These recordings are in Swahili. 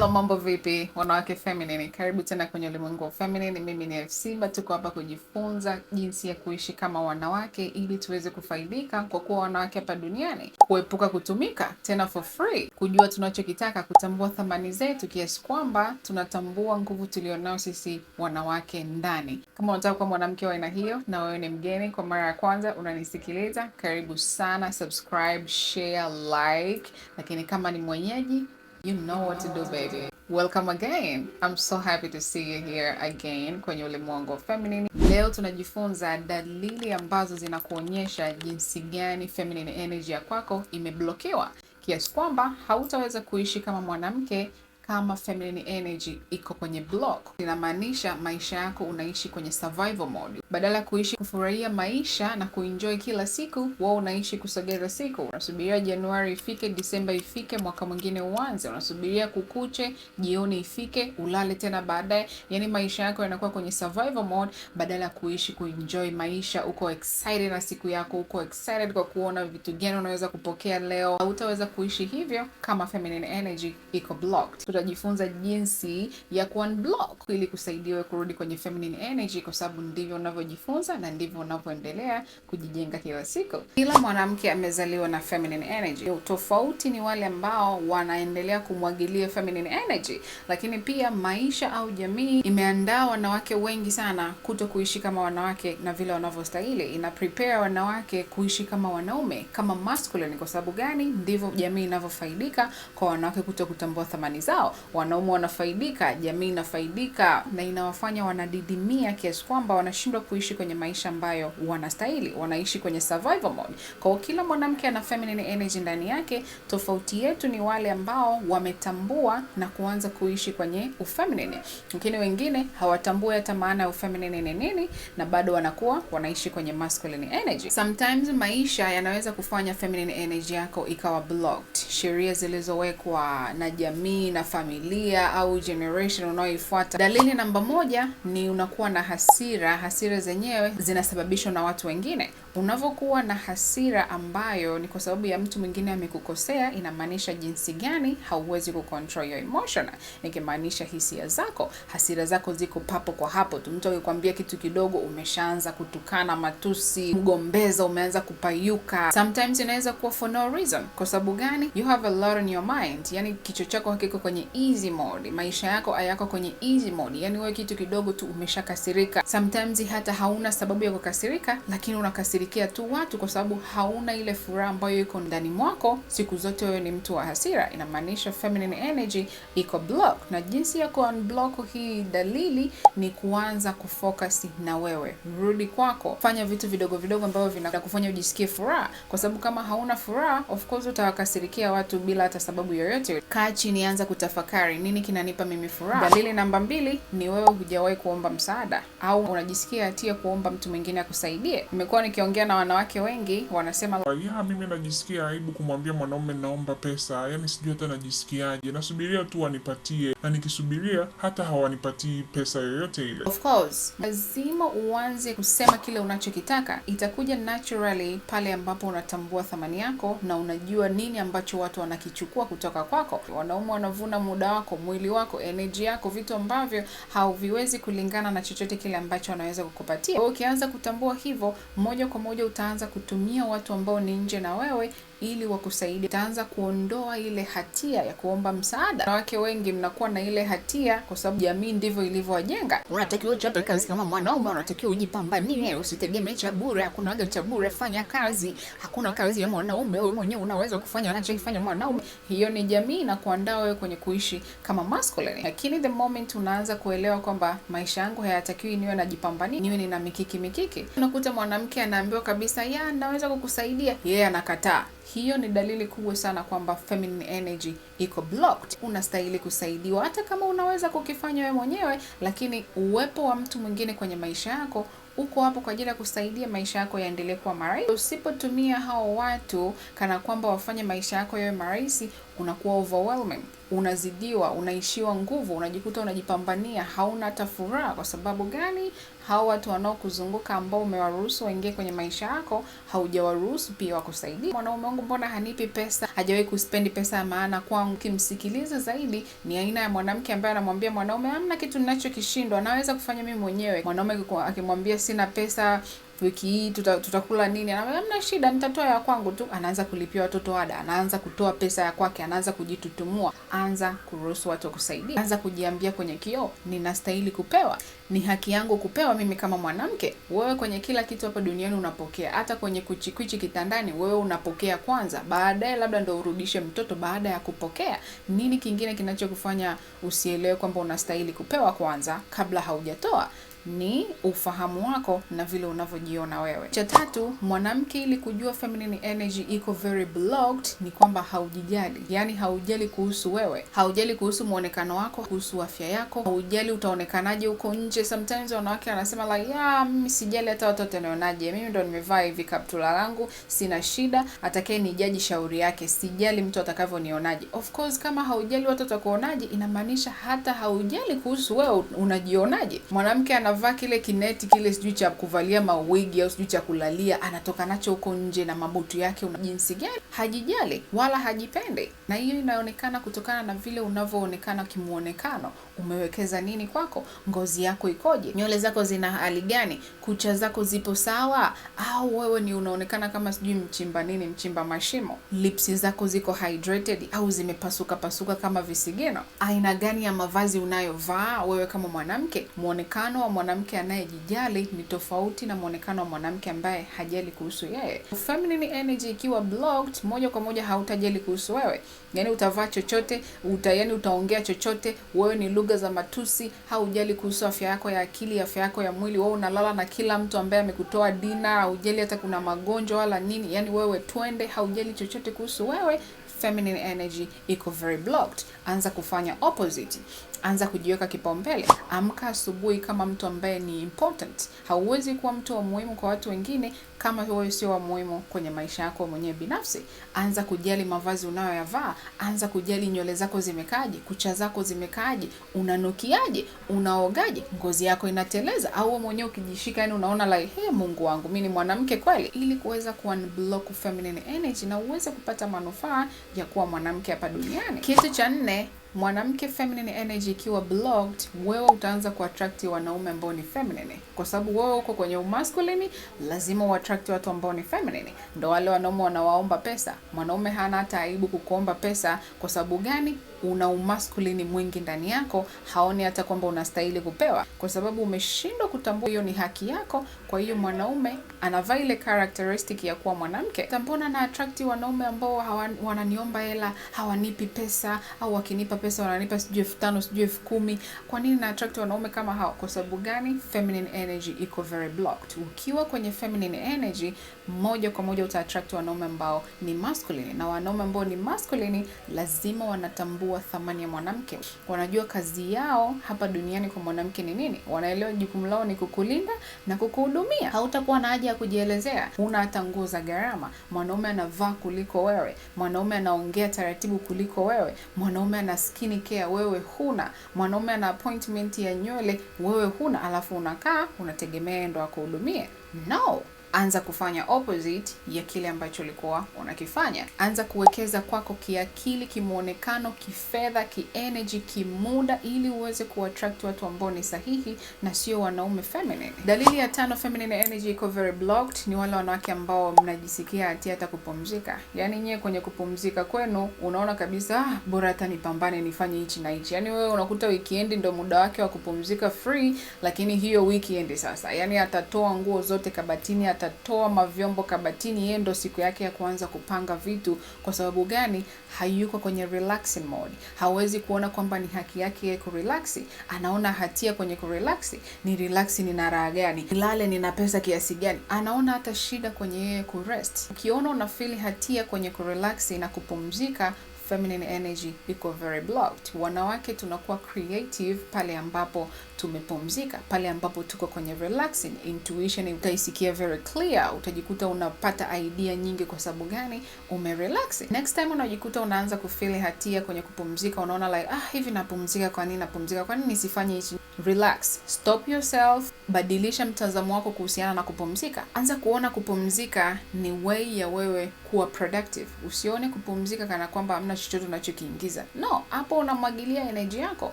Hello, mambo vipi wanawake feminine, karibu tena kwenye ulimwengu wa feminine. Mimi ni FC but tuko hapa kujifunza jinsi ya kuishi kama wanawake ili tuweze kufaidika kwa kuwa wanawake hapa duniani, kuepuka kutumika tena for free, kujua tunachokitaka, kutambua thamani zetu kiasi kwamba tunatambua nguvu tulionayo sisi wanawake ndani. Kama unataka kuwa mwanamke wa aina hiyo na wewe ni mgeni kwa mara ya kwanza unanisikiliza, karibu sana, subscribe, share, like, lakini kama ni mwenyeji You know what to do baby. Welcome again. I'm so happy to see you here again kwenye ulimwengu feminine. Leo tunajifunza dalili ambazo zinakuonyesha jinsi gani feminine energy ya kwako imeblokiwa kiasi kwamba hautaweza kuishi kama mwanamke kama feminine energy iko kwenye block, inamaanisha maisha yako unaishi kwenye survival mode. Badala ya kuishi kufurahia maisha na kuenjoy kila siku, wao unaishi kusogeza siku. Unasubiria Januari ifike, Disemba ifike, mwaka mwingine uanze, unasubiria kukuche, jioni ifike, ulale tena baadaye. Yani maisha yako yanakuwa kwenye survival mode badala ya kuishi kuenjoy maisha. Uko excited na siku yako, uko excited kwa kuona vitu gani unaweza kupokea leo. Hautaweza kuishi hivyo kama feminine energy iko blocked tutajifunza jinsi ya unblock ili kusaidiwe kurudi kwenye feminine energy, kwa sababu ndivyo unavyojifunza na ndivyo unavyoendelea kujijenga kila siku. Kila mwanamke amezaliwa na feminine energy, tofauti ni wale ambao wanaendelea kumwagilia feminine energy. Lakini pia maisha au jamii imeandaa wanawake wengi sana kuto kuishi kama wanawake na vile wanavyostahili, ina prepare wanawake kuishi kama wanaume, kama masculine. Kwa sababu gani? Ndivyo jamii inavyofaidika kwa wanawake kuto kutambua thamani zao zao, wanaume wanafaidika, jamii inafaidika, na inawafanya wanadidimia kiasi kwamba wanashindwa kuishi kwenye maisha ambayo wanastahili, wanaishi kwenye survival mode. Kwa hiyo kila mwanamke ana feminine energy ndani yake. Tofauti yetu ni wale ambao wametambua na kuanza kuishi kwenye ufeminine, lakini wengine hawatambui hata maana ya ufeminine ni nini, na bado wanakuwa wanaishi kwenye masculine energy. Sometimes maisha yanaweza kufanya feminine energy yako ikawa blocked, sheria zilizowekwa na jamii na familia au generation unaoifuata. Dalili namba moja ni unakuwa na hasira. Hasira zenyewe zinasababishwa na watu wengine. Unavyokuwa na hasira ambayo ni kwa sababu ya mtu mwingine amekukosea, inamaanisha jinsi gani hauwezi kucontrol your emotion, nikimaanisha hisia zako. Hasira zako ziko papo kwa hapo tu, mtu akikwambia kitu kidogo umeshaanza kutukana, matusi, mgombeza, umeanza kupayuka. Sometimes inaweza kuwa for no reason. Kwa sababu gani? You have a lot on your mind, yani kichwa chako hakiko kwenye kwenye easy mode, maisha yako hayako kwenye easy mode. Yani wewe kitu kidogo tu umeshakasirika, sometimes hata hauna sababu ya kukasirika, lakini unakasirikia tu watu kwa sababu hauna ile furaha ambayo iko ndani mwako. Siku zote wewe ni mtu wa hasira, inamaanisha feminine energy iko block, na jinsi ya ku unblock hii dalili ni kuanza kufocus na wewe, rudi kwako, fanya vitu vidogo vidogo ambavyo vinakufanya ujisikie furaha, kwa sababu kama hauna furaha, of course utawakasirikia watu bila hata sababu yoyote. Kaa chini, anza kuta kutafakari nini kinanipa mimi furaha. Dalili namba mbili ni wewe hujawahi kuomba msaada au unajisikia hatia kuomba mtu mwingine akusaidie. Nimekuwa nikiongea na wanawake wengi wanasema, ah, ya mimi najisikia aibu kumwambia mwanaume naomba pesa, yaani sijui hata najisikiaje, nasubiria tu wanipatie, na nikisubiria hata hawanipatii pesa yoyote ile. Of course lazima uanze kusema kile unachokitaka, itakuja naturally pale ambapo unatambua thamani yako na unajua nini ambacho watu wanakichukua kutoka kwako. Wanaume wanavuna muda wako, mwili wako, energy yako, vitu ambavyo hauviwezi kulingana na chochote kile ambacho anaweza kukupatia. Ukianza kutambua hivyo, moja kwa moja utaanza kutumia watu ambao ni nje na wewe ili wakusaidia. Itaanza kuondoa ile hatia ya kuomba msaada. Wanawake wengi mnakuwa na ile hatia kwa sababu jamii ndivyo ilivyowajenga. Unatakiwa uchape kazi kama mwanaume, unatakiwa ujipambanie, usitegemee cha bure. Hakuna waga cha bure, fanya kazi. Hakuna kazi ya mwanaume, wewe mwenyewe unaweza kufanya unachokifanya mwanaume. Hiyo ni jamii na kuandaa wewe kwenye kuishi kama masculine. Lakini the moment unaanza kuelewa kwamba maisha yangu hayatakiwi niwe najipambania, niwe nina mikiki mikiki, unakuta mwanamke anaambiwa kabisa, ya naweza kukusaidia, yeye yeah, anakataa hiyo ni dalili kubwa sana kwamba feminine energy iko blocked. Unastahili kusaidiwa, hata kama unaweza kukifanya wewe mwenyewe, lakini uwepo wa mtu mwingine kwenye maisha yako uko hapo kwa ajili ya kusaidia maisha yako yaendelee kuwa marahisi. Usipotumia hao watu kana kwamba wafanye maisha yako yawe marahisi, unakuwa overwhelming, unazidiwa, unaishiwa nguvu, unajikuta unajipambania, hauna hata furaha. Kwa sababu gani? Hao watu wanaokuzunguka ambao umewaruhusu waingie kwenye maisha yako, haujawaruhusu pia wakusaidia. Mwanaume wangu mbona hanipi pesa? Hajawahi kuspendi pesa ya maana kwangu. Kimsikiliza zaidi, ni aina ya mwanamke ambaye anamwambia mwanaume, hamna kitu ninachokishindwa, naweza kufanya mimi mwenyewe. Mwanaume akimwambia sina pesa wiki hii tuta, tutakula nini? Anamwambia hamna shida, nitatoa ya kwangu tu. Anaanza kulipia watoto ada, anaanza kutoa pesa ya kwake, anaanza kujitutumua. Anza kuruhusu watu kusaidia, anza kujiambia kwenye kioo, ninastahili kupewa, ni haki yangu kupewa mimi kama mwanamke. Wewe kwenye kila kitu hapa duniani unapokea, hata kwenye kuchikwichi kitandani, wewe unapokea kwanza, baadaye labda ndo urudishe mtoto baada ya kupokea. Nini kingine kinachokufanya usielewe kwamba unastahili kupewa kwanza kabla haujatoa? ni ufahamu wako na vile unavyojiona wewe. Cha tatu, mwanamke ili kujua feminine energy iko very blocked ni kwamba haujijali, yaani haujali kuhusu wewe, haujali kuhusu muonekano wako, kuhusu afya yako, haujali utaonekanaje huko nje. Sometimes wanawake wanasema like, ya mimi sijali hata watoto wanaonaje, mimi ndo nimevaa hivi kaptula langu, sina shida, atakaye nijaji shauri yake, sijali mtu atakavyonionaje. Of course kama haujali watu watakuonaje, inamaanisha hata haujali kuhusu wewe unajionaje. Mwanamke ana anavaa kile kineti kile sijui cha kuvalia mawigi au sijui cha kulalia, anatoka nacho huko nje na mabutu yake, una jinsi gani? Hajijali wala hajipende, na hiyo inaonekana kutokana na vile unavyoonekana kimuonekano. Umewekeza nini kwako? Ngozi yako ikoje? Nywele zako zina hali gani? Kucha zako zipo sawa? Au wewe ni unaonekana kama sijui mchimba nini, mchimba mashimo? Lipsi zako ziko hydrated au zimepasuka pasuka kama visigino? Aina gani ya mavazi unayovaa wewe kama mwanamke? Muonekano wa mwanamke anayejijali ni tofauti na mwonekano wa mwanamke ambaye hajali kuhusu yeye. Feminine energy ikiwa blocked, moja kwa moja hautajali kuhusu wewe, yani utavaa chochote uta, yani utaongea chochote, wewe ni lugha za matusi, haujali kuhusu afya yako ya akili, afya yako ya mwili. Wewe unalala na kila mtu ambaye amekutoa dina, haujali hata kuna magonjwa wala nini, yani wewe twende, haujali chochote kuhusu wewe feminine energy iko very blocked. Anza kufanya opposite, anza kujiweka kipaumbele. Amka asubuhi kama mtu ambaye ni important. Hauwezi kuwa mtu wa muhimu kwa watu wengine kama wewe sio wa muhimu kwenye maisha yako mwenyewe binafsi, anza kujali mavazi unayoyavaa, anza kujali nywele zako zimekaaje, kucha zako zimekaaje, unanukiaje, unaogaje, ngozi yako inateleza au wewe mwenyewe ukijishika, yani unaona like hey, Mungu wangu mimi ni mwanamke kweli, ili kuweza kuunblock feminine energy na uweze kupata manufaa ya kuwa mwanamke hapa duniani. Kitu cha nne mwanamke feminine energy ikiwa blocked, wewe utaanza kuattract wanaume ambao ni feminine, kwa sababu wewe uko kwenye umasculine, lazima uattract watu ambao ni feminine. Ndo wale wanaume wanawaomba pesa, mwanaume hana hata aibu kukuomba pesa. Kwa sababu gani? una umaskulini mwingi ndani yako, haoni hata kwamba unastahili kupewa, kwa sababu umeshindwa kutambua hiyo ni haki yako. Kwa hiyo mwanaume anavaa ile characteristic ya kuwa mwanamke. Mbona na attract wanaume ambao wananiomba hela, hawanipi pesa, au wakinipa pesa wananipa sijui elfu tano sijui elfu kumi Kwa nini na attract wanaume kama hao? Kwa sababu gani? Feminine energy iko very blocked. Ukiwa kwenye feminine energy, moja kwa moja uta attract wanaume ambao ni masculine, na wanaume ambao ni masculine lazima wanatambua kutambua thamani ya mwanamke. Wanajua kazi yao hapa duniani kwa mwanamke ni nini, wanaelewa jukumu lao ni kukulinda na kukuhudumia. Hautakuwa na haja ya kujielezea, huna hata nguo za gharama. Mwanaume anavaa kuliko wewe, mwanaume anaongea taratibu kuliko wewe, mwanaume ana skin care, wewe huna, mwanaume ana appointment ya nywele, wewe huna, alafu unakaa unategemea ndo akuhudumie? No anza kufanya opposite ya kile ambacho ulikuwa unakifanya. Anza kuwekeza kwako kiakili, kimwonekano, kifedha, kienergy, kimuda, ili uweze kuattract watu ambao ni sahihi na sio wanaume feminine. Dalili ya tano, feminine energy iko very blocked, ni wale wanawake ambao mnajisikia hati hata kupumzika. yani nyewe kwenye kupumzika kwenu unaona kabisa, ah, bora hata nipambane nifanye hichi na hichi. Yani wewe unakuta weekend ndio muda wake wa kupumzika free, lakini hiyo weekend sasa, yani atatoa nguo zote kabatini atatoa mavyombo kabatini, yeye ndo siku yake ya kuanza kupanga vitu. Kwa sababu gani? Hayuko kwenye relaxing mode, hawezi kuona kwamba ni haki yake yeye kurelax. Anaona hatia kwenye kurelax. Ni relax, nina raha gani? Nilale, nina pesa kiasi gani? Anaona hata shida kwenye yeye kurest. Ukiona unafili hatia kwenye kurelax na kupumzika feminine energy iko very blocked. Wanawake tunakuwa creative pale ambapo tumepumzika, pale ambapo tuko kwenye relaxing. Intuition utaisikia very clear, utajikuta unapata idea nyingi. Kwa sababu gani? Umerelax. Next time unajikuta unaanza kufeel hatia kwenye kupumzika, unaona like ah, hivi napumzika, kwa nini napumzika, kwa nini nisifanye hichi? Relax, stop yourself, badilisha mtazamo wako kuhusiana na kupumzika. Anza kuona kupumzika ni way ya wewe kuwa productive. Usione kupumzika kana kwamba hamna chochote unachokiingiza. No, hapo unamwagilia energy yako,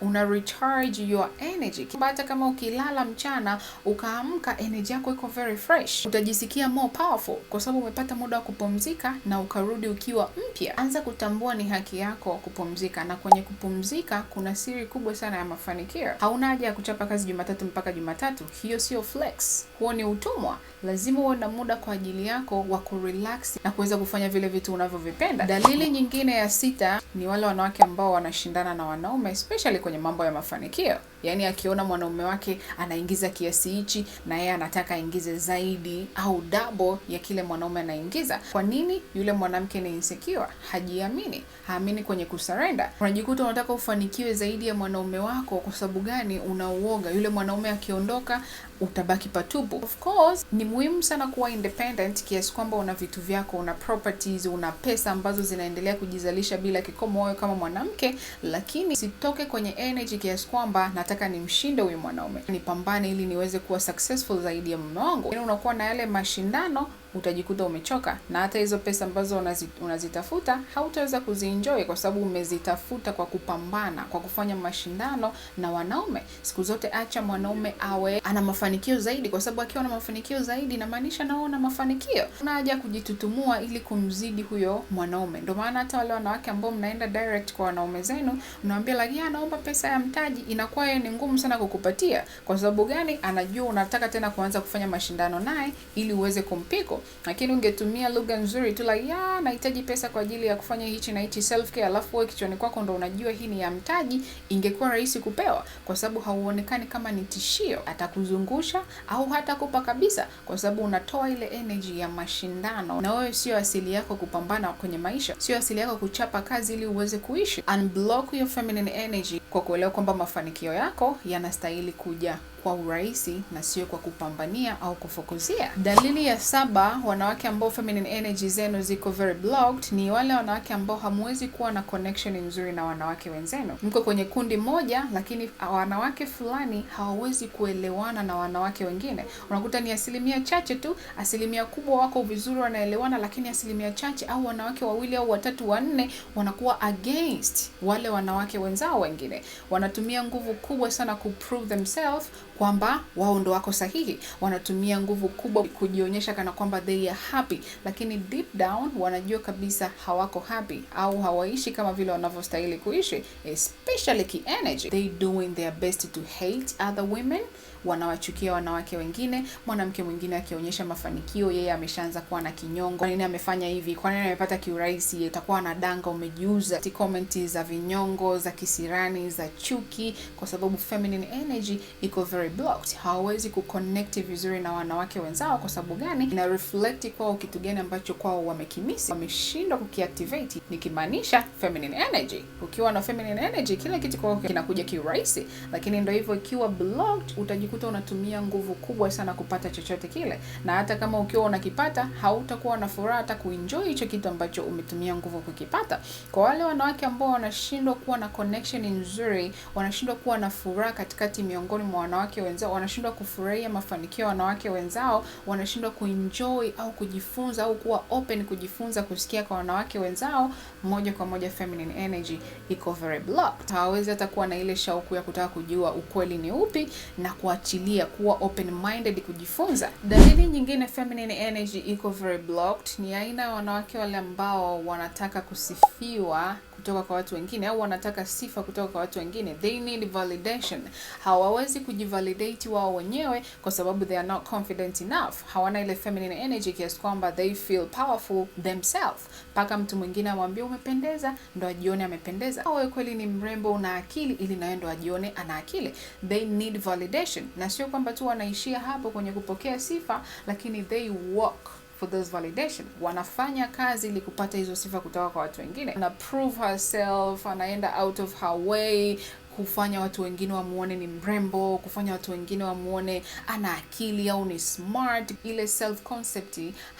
una recharge your energy. Hata kama ukilala mchana ukaamka, energy yako iko very fresh, utajisikia more powerful kwa sababu umepata muda wa kupumzika na ukarudi ukiwa mpya. Anza kutambua ni haki yako kupumzika, na kwenye kupumzika kuna siri kubwa sana ya mafanikio. Hauna haja ya kuchapa kazi Jumatatu mpaka Jumatatu, hiyo sio flex, huo ni utumwa. Lazima uwe na muda kwa ajili yako wa kurelax na ku kuweza kufanya vile vitu unavyovipenda. Dalili nyingine ya sita ni wale wanawake ambao wanashindana na wanaume especially kwenye mambo ya mafanikio. Yaani akiona mwanaume wake anaingiza kiasi hichi na yeye anataka aingize zaidi au double ya kile mwanaume anaingiza. Kwa nini? Yule mwanamke ni insecure, hajiamini, haamini kwenye kusurrender. Unajikuta unataka ufanikiwe zaidi ya mwanaume wako. Kwa sababu gani? Unauoga yule mwanaume akiondoka, utabaki patupu. Of course ni muhimu sana kuwa independent kiasi kwamba una vitu vyako, una properties, una pesa ambazo zinaendelea kujizalisha bila kikomo, wewe kama mwanamke, lakini sitoke kwenye energy kiasi kwamba nata nataka nimshinde huyu mwanaume, nipambane ili niweze kuwa successful zaidi ya mume wangu. Yaani unakuwa na yale mashindano utajikuta umechoka na hata hizo pesa ambazo unazitafuta hautaweza kuzienjoy kwa sababu umezitafuta kwa kupambana, kwa kufanya mashindano na wanaume. Siku zote acha mwanaume awe ana mafanikio zaidi, kwa sababu akiwa na mafanikio zaidi inamaanisha na wewe una mafanikio. Una haja kujitutumua ili kumzidi huyo mwanaume. Ndio maana hata wale wanawake ambao mnaenda direct kwa wanaume zenu, mnawaambia like, anaomba ah, pesa ya mtaji, inakuwa yeye ni ngumu sana kukupatia. Kwa sababu gani? Anajua unataka tena kuanza kufanya mashindano naye ili uweze kumpiko lakini ungetumia lugha nzuri tu like ya nahitaji pesa kwa ajili ya kufanya hichi na hichi self care, alafu wewe kichwani kwako ndo unajua hii ni ya mtaji, ingekuwa rahisi kupewa, kwa sababu hauonekani kama ni tishio. Atakuzungusha au hata kupa kabisa, kwa sababu unatoa ile energy ya mashindano, na wewe sio asili yako kupambana kwenye maisha, sio asili yako kuchapa kazi ili uweze kuishi. Unblock your feminine energy kwa kuelewa kwamba mafanikio yako yanastahili kuja kwa urahisi na sio kwa kupambania au kufokozia. Dalili ya saba, wanawake ambao feminine energy zenu ziko very blocked, ni wale wanawake ambao hamwezi kuwa na connection nzuri na wanawake wenzenu. Mko kwenye kundi moja, lakini wanawake fulani hawawezi kuelewana na wanawake wengine. Unakuta ni asilimia chache tu, asilimia kubwa wako vizuri, wanaelewana, lakini asilimia chache au wanawake wawili au watatu wanne wanakuwa against wale wanawake wenzao wengine, wanatumia nguvu kubwa sana ku prove themselves kwamba wao ndo wako sahihi, wanatumia nguvu kubwa kujionyesha kana kwamba they are happy, lakini deep down wanajua kabisa hawako happy au hawaishi kama vile wanavyostahili kuishi, especially ki energy they doing their best to hate other women wanawachukia wanawake wengine. Mwanamke mwingine akionyesha mafanikio, yeye ameshaanza kuwa na kinyongo, kwa nini amefanya hivi, kwa nini amepata kiurahisi, Atakuwa na danga, umejiuza. Komenti za vinyongo, za kisirani, za chuki, kwa sababu feminine energy iko very blocked. Hawawezi kuconnect vizuri na wanawake wenzao. Kwa sababu gani? Ina reflect kwao kitu gani ambacho kwao wamekimisi, wameshindwa kukiactivate, nikimaanisha feminine energy. Ukiwa na feminine energy, kila kitu kwao kinakuja kiurahisi, lakini ndio hivyo, ikiwa blocked utaji utajikuta unatumia nguvu kubwa sana kupata chochote kile, na hata kama ukiwa unakipata hautakuwa na furaha hata kuenjoy hicho kitu ambacho umetumia nguvu kukipata. Kwa wale wanawake ambao wanashindwa kuwa na connection nzuri, wanashindwa kuwa na furaha katikati miongoni mwa wanawake wenzao, wanashindwa kufurahia mafanikio ya wanawake wenzao, wanashindwa kuenjoy au kujifunza au kuwa open kujifunza kusikia kwa wanawake wenzao, moja kwa moja feminine energy iko very blocked. Hawawezi hata kuwa na ile shauku ya kutaka kujua ukweli ni upi na kuwa kuachilia, kuwa open minded, kujifunza. Dalili nyingine feminine energy iko very blocked, ni aina ya wanawake wale ambao wanataka kusifiwa kutoka kwa watu wengine au wanataka sifa kutoka kwa watu wengine. They need validation. Hawawezi kujivalidate wao wenyewe kwa sababu they are not confident enough. Hawana ile feminine energy kiasi kwamba they feel powerful themselves. Mpaka mtu mwingine amwambie umependeza, ndo ajione amependeza. Wewe kweli ni mrembo, una akili, ili nawe ndo ajione ana akili. They need validation, na sio kwamba tu wanaishia hapo kwenye kupokea sifa, lakini they walk for those validation. Wanafanya kazi ili kupata hizo sifa kutoka kwa watu wengine, ana prove herself, anaenda out of her way kufanya watu wengine wamuone ni mrembo, kufanya watu wengine wamuone ana akili au ni smart. Ile self concept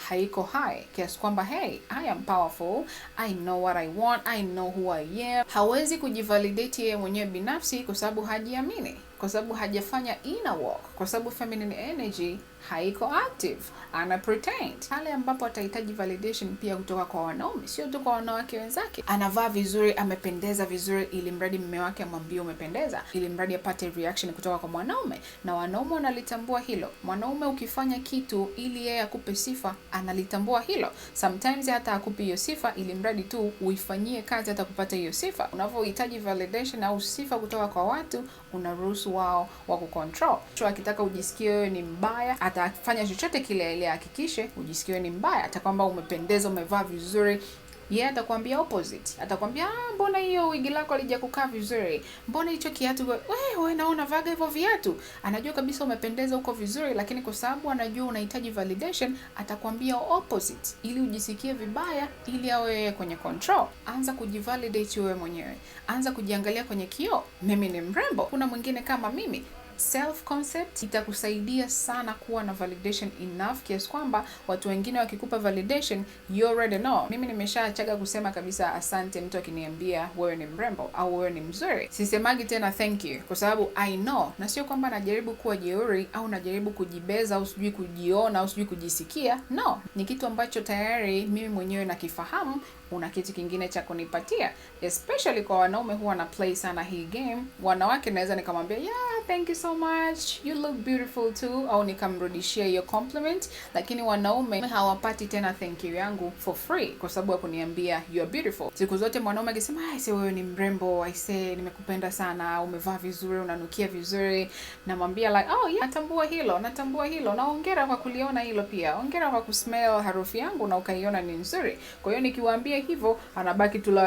haiko high kiasi kwamba hey, I am powerful, I know what I want, I know who I am. Hawezi kujivalidate yeye mwenyewe binafsi kwa sababu hajiamini kwa sababu hajafanya inner work, kwa sababu feminine energy haiko active, ana pretend. Pale ambapo atahitaji validation pia kutoka kwa wanaume, sio tu kwa wanawake wenzake. Anavaa vizuri, amependeza vizuri, ili mradi mume wake amwambie umependeza, ili mradi apate reaction kutoka kwa mwanaume, na wanaume wanalitambua hilo. Mwanaume ukifanya kitu ili yeye akupe sifa, analitambua hilo. Sometimes hata akupi hiyo sifa, ili mradi tu uifanyie kazi hata kupata hiyo sifa. Unavyohitaji validation au sifa kutoka kwa watu, unaruhusu wao wa kucontrol. Akitaka ujisikie wewe ni mbaya, atafanya chochote kile ili ahakikishe ujisikie ni mbaya, hata kwamba umependeza, umevaa vizuri yeye yeah, atakwambia opposite, atakwambia ah, mbona hiyo wigi lako kukaa vizuri, mbona hicho kiatu wewe na unavaga hivyo viatu. Anajua kabisa umependeza huko vizuri, lakini kwa sababu anajua unahitaji validation, atakwambia opposite ili ujisikie vibaya, ili awe kwenye control. Anza kujivalidate wewe mwenyewe, anza kujiangalia kwenye kioo, mimi ni mrembo, kuna mwingine kama mimi self concept itakusaidia sana kuwa na validation enough kiasi kwamba watu wengine wakikupa validation you already know. Mimi nimeshaachaga kusema kabisa asante mtu akiniambia wewe ni mrembo au wewe ni mzuri, sisemagi tena thank you kwa sababu I know, na sio kwamba najaribu kuwa jeuri au najaribu kujibeza au sijui kujiona au sijui kujisikia. No, ni kitu ambacho tayari mimi mwenyewe nakifahamu. Una kitu kingine cha kunipatia, especially kwa wanaume huwa na play sana hii game. Wanawake naweza nikamwambia yeah thank you so much, you look beautiful too, au nikamrudishia hiyo compliment. Lakini wanaume hawapati tena thank you yangu for free kwa sababu ya kuniambia you are beautiful. Siku zote mwanaume akisema aise, wewe ni mrembo, aise, nimekupenda sana, umevaa vizuri, unanukia vizuri, namwambia like oh yeah, natambua hilo, natambua hilo, na hongera kwa kuliona hilo pia, ongera kwa kusmell harufu yangu na ukaiona ni nzuri. Kwa hiyo nikiwaambia hivyo, anabaki tu la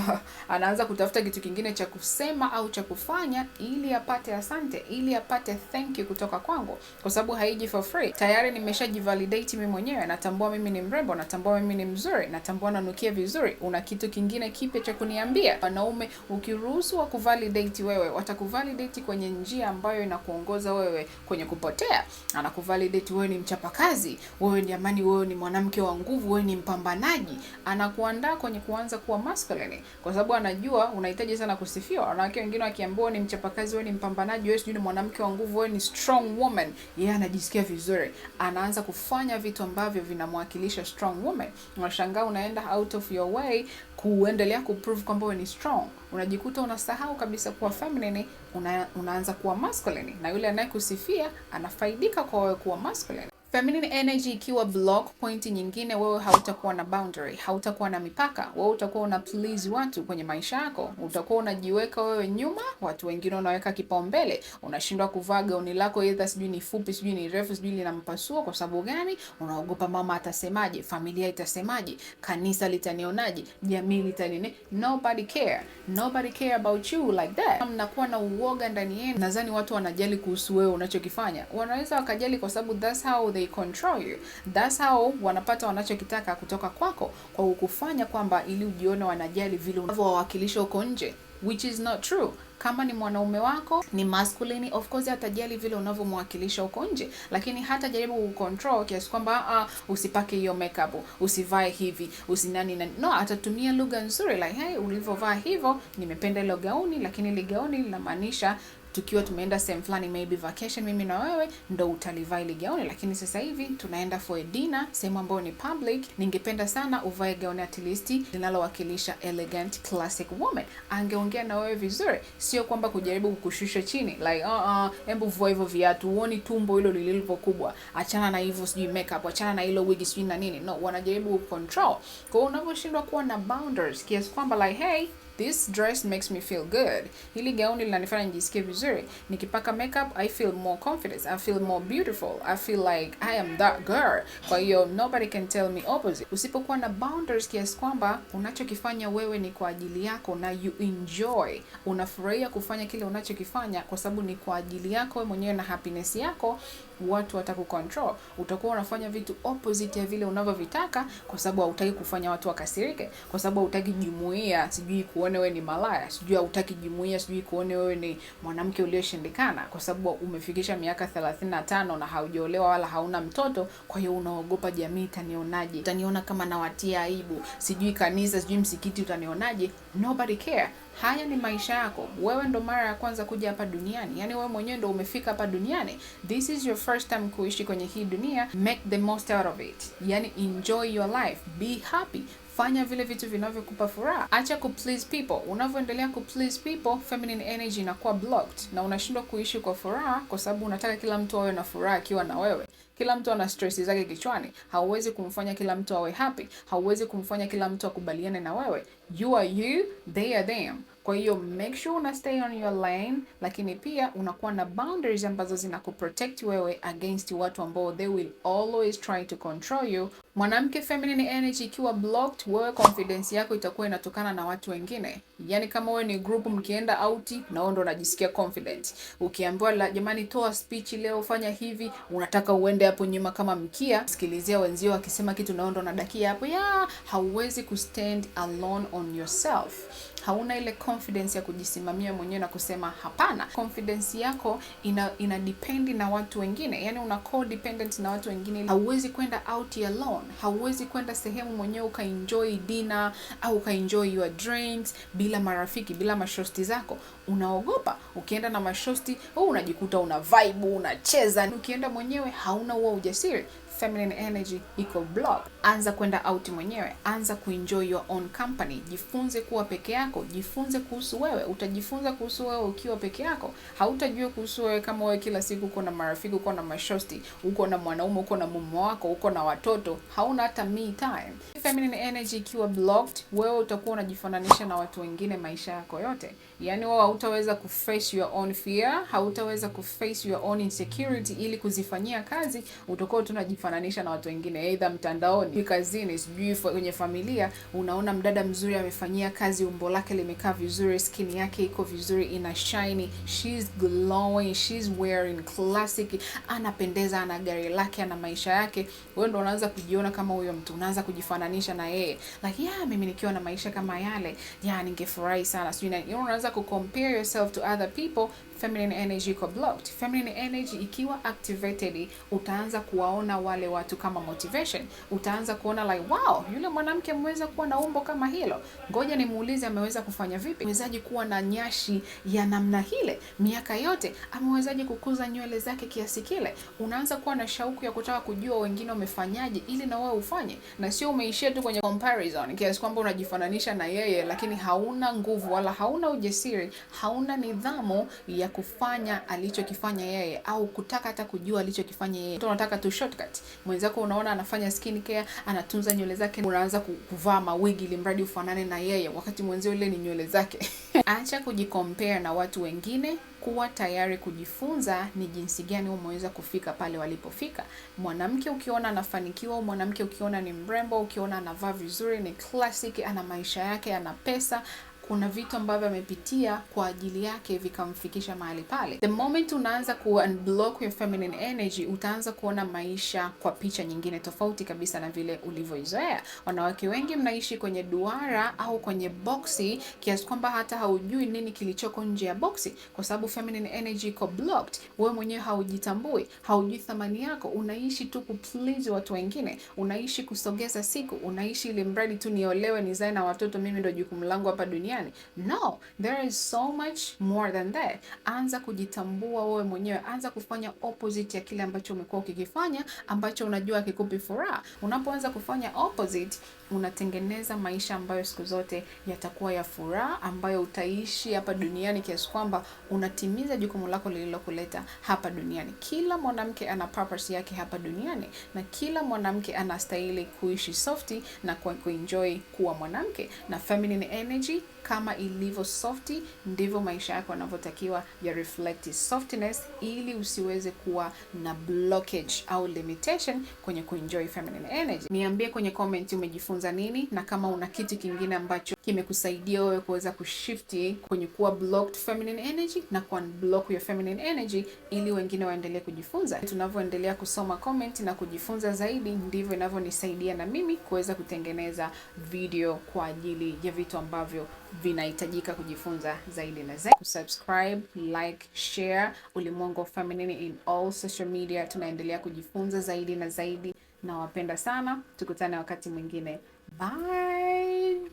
uh, uh, anaanza kutafuta kitu kingine cha kusema au cha kufanya ili apate apate asante, ili apate thank you kutoka kwangu, kwa sababu haiji for free. Tayari nimeshajivalidate mimi mwenyewe, natambua mimi ni mrembo, natambua mimi ni mzuri, natambua nanukia vizuri. Una kitu kingine kipya cha kuniambia? Wanaume ukiruhusu wa kuvalidate wewe, watakuvalidate kwenye njia ambayo inakuongoza wewe kwenye kupotea. Anakuvalidate wewe ni mchapakazi, wewe ni amani, wewe ni mwanamke wa nguvu, wewe ni mpambanaji. Anakuandaa kwenye kuanza kuwa masculine, kwa sababu anajua unahitaji sana kusifiwa. Wanawake wengine wakiambiwa ni mchapakazi, wewe ni mpambanaji mpambanaji, wewe sijui ni mwanamke wa nguvu, wewe ni strong woman, yeye anajisikia vizuri, anaanza kufanya vitu ambavyo vinamwakilisha strong woman. Unashangaa unaenda out of your way kuendelea kuprove kwamba wewe ni strong, unajikuta unasahau kabisa kuwa feminine, una, unaanza kuwa masculine, na yule anayekusifia anafaidika kwa wewe kuwa masculine. Feminine energy ikiwa block point nyingine, wewe hautakuwa na boundary, hautakuwa na mipaka. Wewe utakuwa una please watu kwenye maisha yako, utakuwa unajiweka wewe nyuma, watu wengine unaweka kipaumbele. Unashindwa kuvaa gauni lako, either sijui ni fupi, sijui ni refu, sijui linampasua. Kwa sababu gani? Unaogopa mama atasemaje, familia itasemaje, kanisa litanionaje, jamii litanini. Nobody care, nobody care about you like that. Mnakuwa na uoga ndani yenu. Nadhani watu wanajali kuhusu wewe unachokifanya, wanaweza wakajali kwa sababu that's how they they control you. That's how wanapata wanachokitaka kutoka kwako kwa kukufanya kwamba ili ujione wanajali vile unavyowawakilisha huko nje which is not true. Kama ni mwanaume wako ni masculine, of course atajali vile unavyomwakilisha huko nje, lakini hata jaribu kucontrol kiasi kwamba uh, usipake hiyo makeup, usivae hivi, usinani na no, atatumia lugha nzuri like hey, ulivyovaa hivyo, nimependa ile gauni, lakini ile gauni linamaanisha tukiwa tumeenda sehemu fulani maybe vacation, mimi na wewe ndo utalivaa ile gauni, lakini sasa hivi tunaenda for a dinner sehemu ambayo ni public. Ningependa sana uvae gauni at least linalowakilisha elegant classic woman. Angeongea na wewe vizuri, sio kwamba kujaribu kukushusha chini like uh uh, hebu vua hivyo viatu, uoni tumbo hilo lilivyo kubwa, achana na hivyo sijui makeup, achana na hilo wigi sijui na nini. No, wanajaribu control. Kwa hiyo unaposhindwa kuwa na boundaries kiasi kwamba like hey This dress makes me feel good. Hili gauni linanifanya nijisikie vizuri. Nikipaka makeup, I feel more confident. I feel more beautiful. I feel like I am that girl. Kwa hiyo nobody can tell me opposite. Usipokuwa na boundaries kiasi kwamba unachokifanya wewe ni kwa ajili yako na you enjoy. Unafurahia kufanya kile unachokifanya kwa sababu ni kwa ajili yako wewe mwenyewe na happiness yako, watu watakucontrol. Utakuwa unafanya vitu opposite ya vile unavyovitaka kwa sababu hautaki kufanya watu wakasirike, kwa sababu hautaki jumuiya sijui kuona kuone wewe ni malaya, sijui hautaki jumuiya, sijui kuone wewe ni mwanamke ulioshindikana, kwa sababu umefikisha miaka 35 na haujaolewa wala hauna mtoto. Kwa hiyo unaogopa jamii itanionaje, utaniona kama nawatia aibu, sijui kanisa, sijui msikiti utanionaje. Nobody care. Haya ni maisha yako wewe, ndo mara ya kwanza kuja hapa duniani, yaani wewe mwenyewe ndo umefika hapa duniani. This is your first time kuishi kwenye hii dunia, make the most out of it, yaani enjoy your life, be happy fanya vile vitu vinavyokupa furaha. Acha ku please people. Unavyoendelea ku please people, feminine energy inakuwa blocked na unashindwa kuishi kwa furaha, kwa sababu unataka kila mtu awe na furaha akiwa na wewe. Kila mtu ana stress zake kichwani. Hauwezi kumfanya kila mtu awe happy, hauwezi kumfanya kila mtu akubaliane na wewe. You are you, they are them. Kwa hiyo make sure una stay on your lane, lakini pia unakuwa na boundaries ambazo zinakuprotect wewe against watu ambao they will always try to control you. Mwanamke feminine energy ikiwa blocked, wewe confidence yako itakuwa inatokana na watu wengine. Yaani kama wewe ni group mkienda out na wewe ndo unajisikia confident. Ukiambiwa la jamani, toa speech leo, fanya hivi, unataka uende hapo nyuma kama mkia, sikilizia wenzio akisema kitu na wewe ndo unadakia hapo. Yeah, hauwezi kustand alone on yourself hauna ile confidence ya kujisimamia mwenyewe na kusema hapana. Confidence yako ina, ina depend na watu wengine, yani una co-dependent na watu wengine. Hauwezi kwenda out alone, hauwezi kwenda sehemu mwenyewe ukaenjoy dinner au ukaenjoy your drinks bila marafiki, bila mashosti zako. Unaogopa ukienda na mashosti, wewe unajikuta una vibe, unacheza. Ukienda mwenyewe hauna huo ujasiri feminine energy iko block. Anza kwenda out mwenyewe, anza kuenjoy your own company, jifunze kuwa peke yako, jifunze kuhusu wewe. Utajifunza kuhusu wewe ukiwa peke yako, hautajua kuhusu wewe kama wewe kila siku uko na marafiki, uko na mashosti, uko na mwanaume, uko na mume wako, uko na watoto, hauna hata me time. Feminine energy ikiwa blocked, wewe utakuwa unajifananisha na watu wengine maisha yako yote. Yaani wewe hautaweza kuface your own fear, hautaweza kuface your own insecurity ili kuzifanyia kazi, utakuwa tunajifananisha na watu wengine, aidha mtandaoni, kazini, sijui kwenye familia. Unaona mdada mzuri amefanyia kazi, umbo lake limekaa vizuri, skin yake iko vizuri, ina shiny, she's glowing, she's wearing classic, anapendeza, ana gari lake, ana maisha yake. Wewe ndo unaanza kujiona kama huyo mtu, unaanza kujifananisha na yeye, like yeah, mimi nikiwa na maisha kama yale, yeah, ningefurahi sana, Sio, yaani unaanza kuweza compare yourself to other people feminine energy iko blocked. Feminine energy ikiwa activated, utaanza kuwaona wale watu kama motivation. Utaanza kuona like wow, yule mwanamke ameweza kuwa na umbo kama hilo, ngoja nimuulize ameweza kufanya vipi? Amewezaje kuwa na nyashi ya namna hile miaka yote? Amewezaje kukuza nywele zake kiasi kile? Unaanza kuwa na shauku ya kutaka kujua wengine wamefanyaje, ili na wewe ufanye, na sio umeishia tu kwenye comparison kiasi kwamba unajifananisha na yeye, lakini hauna nguvu wala hauna ujasiri, hauna nidhamu ya kufanya alichokifanya yeye au kutaka hata kujua alichokifanya yeye. Mtu anataka tu shortcut. Mwenzako unaona anafanya skin care, anatunza nywele zake, unaanza kuvaa mawigi ili mradi ufanane na yeye, wakati mwenzio ile ni nywele zake. Acha kujikompare na watu wengine. Kuwa tayari kujifunza ni jinsi gani umeweza kufika pale walipofika. Mwanamke ukiona anafanikiwa, mwanamke ukiona ni mrembo, ukiona anavaa vizuri, ni classic, ana maisha yake, ana pesa kuna vitu ambavyo amepitia kwa ajili yake vikamfikisha mahali pale. The moment unaanza ku unblock your feminine energy, utaanza kuona maisha kwa picha nyingine tofauti kabisa na vile ulivyoizoea. Wanawake wengi mnaishi kwenye duara au kwenye boxi, kiasi kwamba hata haujui nini kilichoko nje ya boxi, kwa sababu feminine energy iko blocked. Wewe mwenyewe haujitambui, haujui thamani yako, unaishi tu please watu wengine, unaishi kusogeza siku, unaishi ili mradi tu niolewe, nizae na watoto, mimi ndo jukumu langu hapa duniani gani? No, there is so much more than that. Anza kujitambua wewe mwenyewe, anza kufanya opposite ya kile ambacho umekuwa ukikifanya ambacho unajua kikupi furaha. Unapoanza kufanya opposite, unatengeneza maisha ambayo siku zote yatakuwa ya furaha, ambayo utaishi hapa duniani kiasi kwamba unatimiza jukumu lako lililokuleta hapa duniani. Kila mwanamke ana purpose yake hapa duniani na kila mwanamke anastahili kuishi softi na kuenjoy kuwa mwanamke na feminine energy kama ilivyo softi, ndivyo maisha yako yanavyotakiwa ya reflect softness, ili usiweze kuwa na blockage au limitation kwenye kuenjoy feminine energy. Niambie kwenye comment umejifunza nini, na kama una kitu kingine ambacho kimekusaidia wewe kuweza kushifti kwenye kuwa blocked feminine energy na ku unblock your feminine energy, ili wengine waendelee kujifunza. Tunavyoendelea kusoma comment na kujifunza zaidi, ndivyo inavyonisaidia na mimi kuweza kutengeneza video kwa ajili ya vitu ambavyo vinahitajika kujifunza zaidi na zaidi. Subscribe, like, share. Ulimwengu wa Feminine in all social media, tunaendelea kujifunza zaidi na zaidi. Nawapenda sana, tukutane wakati mwingine. Bye.